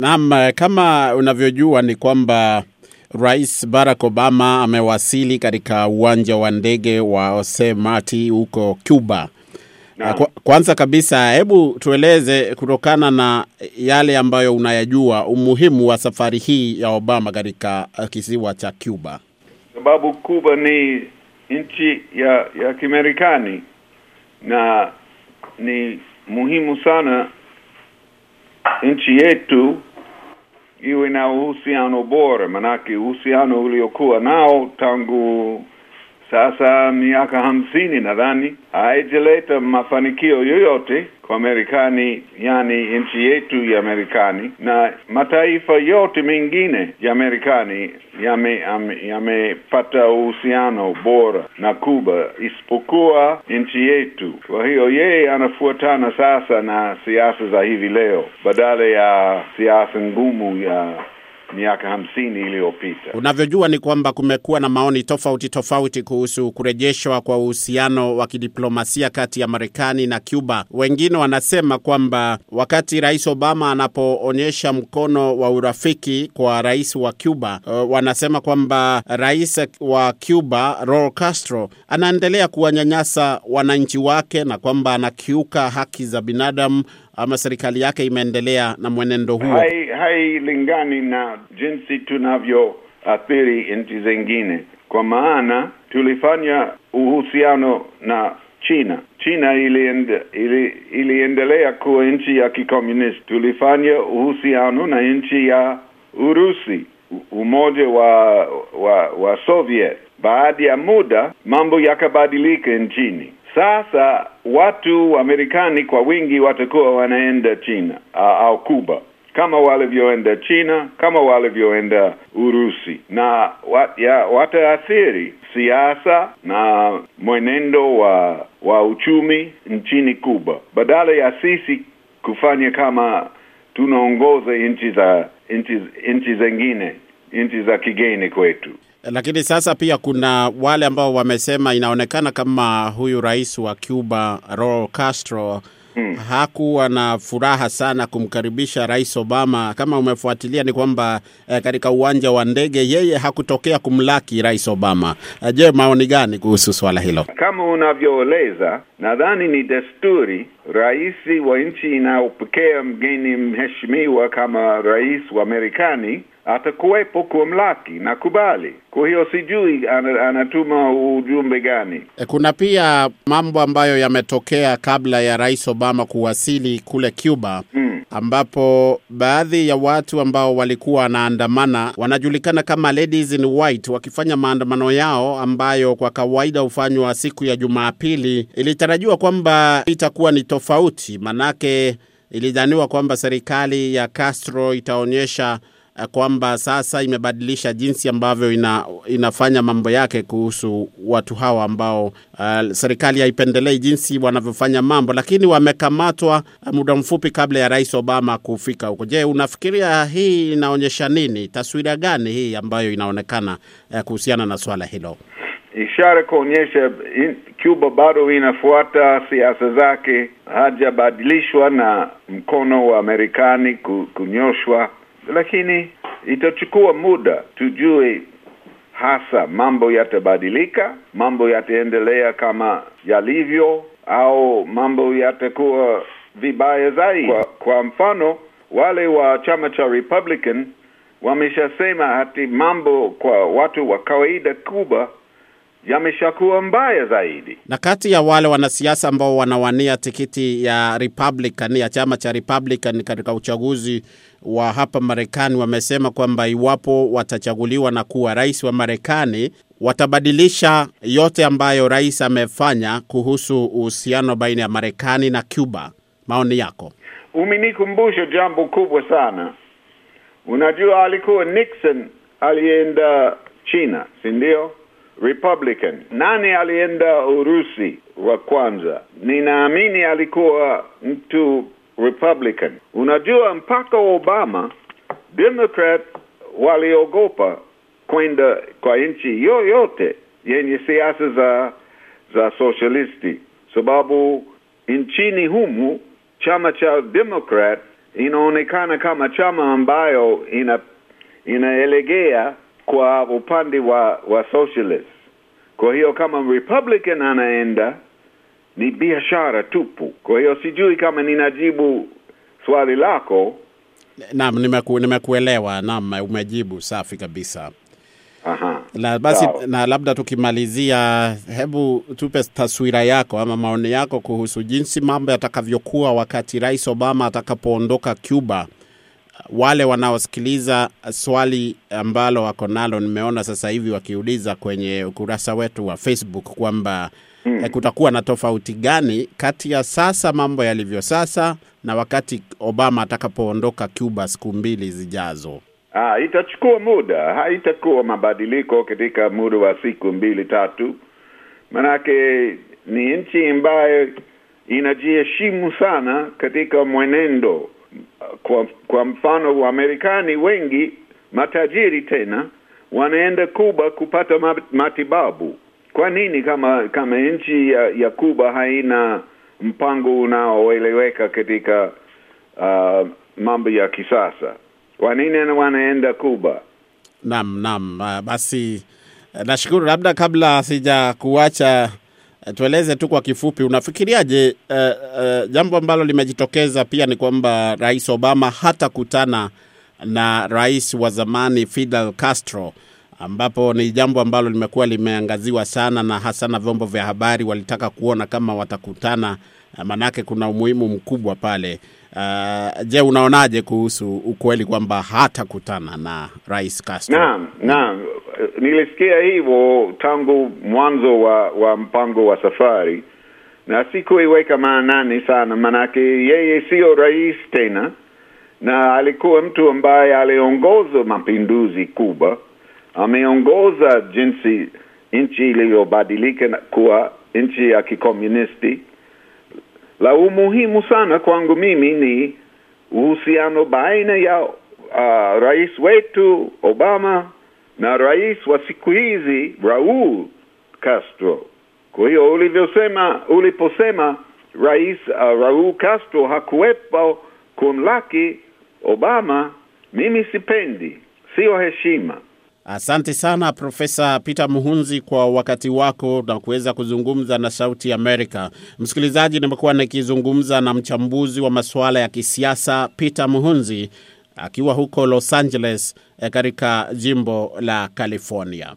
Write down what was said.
Naam, eh, kama unavyojua ni kwamba Rais Barack Obama amewasili katika uwanja wa ndege wa Jose Marti huko Cuba. Kwanza kabisa, hebu tueleze kutokana na yale ambayo unayajua umuhimu wa safari hii ya Obama katika eh, kisiwa cha Cuba. Sababu Cuba ni nchi ya ya Kimarekani na ni muhimu sana nchi yetu iwe na uhusiano bora, manake uhusiano uliokuwa nao tangu sasa miaka hamsini nadhani haijaleta mafanikio yoyote kwa Marekani, yani nchi yetu ya Marekani na mataifa yote mengine ya Marekani yamepata yame uhusiano bora na Kuba isipokuwa nchi yetu. Kwa hiyo yeye anafuatana sasa na siasa za hivi leo badala ya siasa ngumu ya miaka hamsini iliyopita. Unavyojua ni kwamba kumekuwa na maoni tofauti tofauti kuhusu kurejeshwa kwa uhusiano wa kidiplomasia kati ya Marekani na Cuba. Wengine wanasema kwamba wakati Rais Obama anapoonyesha mkono wa urafiki kwa rais wa Cuba, uh, wanasema kwamba rais wa Cuba Raul Castro anaendelea kuwanyanyasa wananchi wake na kwamba anakiuka haki za binadamu ama serikali yake imeendelea na mwenendo huo? Hailingani hai na jinsi tunavyoathiri nchi zingine, kwa maana tulifanya uhusiano na China. China iliende, ili, iliendelea kuwa nchi ya kikomunisti. Tulifanya uhusiano na nchi ya Urusi, umoja wa, wa, wa Soviet. Baada ya muda mambo yakabadilika nchini sasa watu wa Marekani kwa wingi watakuwa wanaenda China au kuba kama walivyoenda China, kama walivyoenda Urusi, na wat, ya, wataathiri siasa na mwenendo wa wa uchumi nchini kuba badala ya sisi kufanya kama tunaongoza nchi za nchi nchi za kigeni kwetu. Lakini sasa pia kuna wale ambao wamesema inaonekana kama huyu rais wa Cuba Raul Castro hmm, hakuwa na furaha sana kumkaribisha Rais Obama. Kama umefuatilia ni kwamba eh, katika uwanja wa ndege yeye hakutokea kumlaki Rais Obama. Eh, je, maoni gani kuhusu swala hilo? Kama unavyoeleza, nadhani ni desturi rais wa nchi inayopokea mgeni mheshimiwa kama rais wa Marekani atakuwepo mlaki na kubali. Kwa hiyo sijui anatuma ujumbe gani. E, kuna pia mambo ambayo yametokea kabla ya rais Obama kuwasili kule Cuba mm ambapo baadhi ya watu ambao walikuwa wanaandamana wanajulikana kama Ladies in White wakifanya maandamano yao ambayo kwa kawaida hufanywa siku ya Jumapili, ilitarajiwa kwamba itakuwa ni tofauti, manake ilidhaniwa kwamba serikali ya Castro itaonyesha kwamba sasa imebadilisha jinsi ambavyo ina, inafanya mambo yake kuhusu watu hawa ambao uh, serikali haipendelei jinsi wanavyofanya mambo, lakini wamekamatwa uh, muda mfupi kabla ya Rais Obama kufika huko. Je, unafikiria hii inaonyesha nini? Taswira gani hii ambayo inaonekana uh, kuhusiana na swala hilo? Ishara kuonyesha Cuba bado inafuata siasa zake, hajabadilishwa na mkono wa Marekani kunyoshwa lakini itachukua muda tujue hasa mambo yatabadilika, mambo yataendelea kama yalivyo, au mambo yatakuwa vibaya zaidi. Kwa, kwa mfano wale wa chama cha Republican wameshasema hati mambo kwa watu wa kawaida Kuba yameshakuwa mbaya zaidi. Na kati ya wale wanasiasa ambao wanawania tikiti ya Republican ya chama cha Republican katika uchaguzi wa hapa Marekani wamesema kwamba iwapo watachaguliwa na kuwa rais wa Marekani watabadilisha yote ambayo rais amefanya kuhusu uhusiano baina ya Marekani na Cuba. Maoni yako? Umenikumbusha jambo kubwa sana. Unajua, alikuwa Nixon alienda China, si ndio? Republican. Nani alienda Urusi wa kwanza? Ninaamini alikuwa mtu Republican. Unajua, mpaka Obama Democrat waliogopa kwenda kwa nchi yoyote yenye siasa za za socialisti, sababu nchini humu chama cha Democrat inaonekana kama chama ambayo ina inaelegea kwa upande wa wa socialist. Kwa hiyo kama Republican anaenda ni biashara tupu. Kwa hiyo sijui kama ninajibu swali lako. Naam, nimeku, nimekuelewa. Naam, umejibu safi kabisa. Aha. basi na labda tukimalizia, hebu tupe taswira yako ama maoni yako kuhusu jinsi mambo yatakavyokuwa wakati Rais Obama atakapoondoka Cuba wale wanaosikiliza swali ambalo wako nalo, nimeona sasa hivi wakiuliza kwenye ukurasa wetu wa Facebook kwamba hmm, eh, kutakuwa na tofauti gani kati ya sasa mambo yalivyo sasa na wakati Obama atakapoondoka Cuba siku mbili zijazo? Ah, itachukua muda, haitakuwa mabadiliko katika muda wa siku mbili tatu, manake ni nchi ambayo inajiheshimu sana katika mwenendo kwa, kwa mfano Wamarekani wengi matajiri tena wanaenda Kuba kupata matibabu. Kwa nini kama kama nchi ya, ya Kuba haina mpango unaoeleweka katika uh, mambo ya kisasa? Kwa nini wanaenda Kuba? Naam, naam. Basi nashukuru, labda kabla sijakuacha Eh, tueleze tu kwa kifupi, unafikiriaje uh, uh, jambo ambalo limejitokeza pia ni kwamba Rais Obama hatakutana na rais wa zamani Fidel Castro, ambapo ni jambo ambalo limekuwa limeangaziwa sana na hasa na vyombo vya habari, walitaka kuona kama watakutana, manake kuna umuhimu mkubwa pale. Uh, je, unaonaje kuhusu ukweli kwamba hatakutana na rais Castro? Naam, naam, Eh, nilisikia hivyo tangu mwanzo wa, wa mpango wa safari na sikuiweka maanani sana, manake yeye siyo rais tena, na alikuwa mtu ambaye aliongoza mapinduzi kubwa ameongoza jinsi nchi iliyobadilika kuwa nchi ya kikomunisti. La umuhimu sana kwangu mimi ni uhusiano baina ya uh, rais wetu Obama na rais wa siku hizi Raul Castro. Kwa hiyo ulivyosema, uliposema rais uh, Raul Castro hakuwepo kumlaki Obama, mimi sipendi, siyo heshima. Asante sana Profesa Peter Muhunzi kwa wakati wako na kuweza kuzungumza na Sauti Amerika. Msikilizaji, nimekuwa nikizungumza na mchambuzi wa masuala ya kisiasa Peter Muhunzi akiwa huko Los Angeles eh, katika jimbo la California.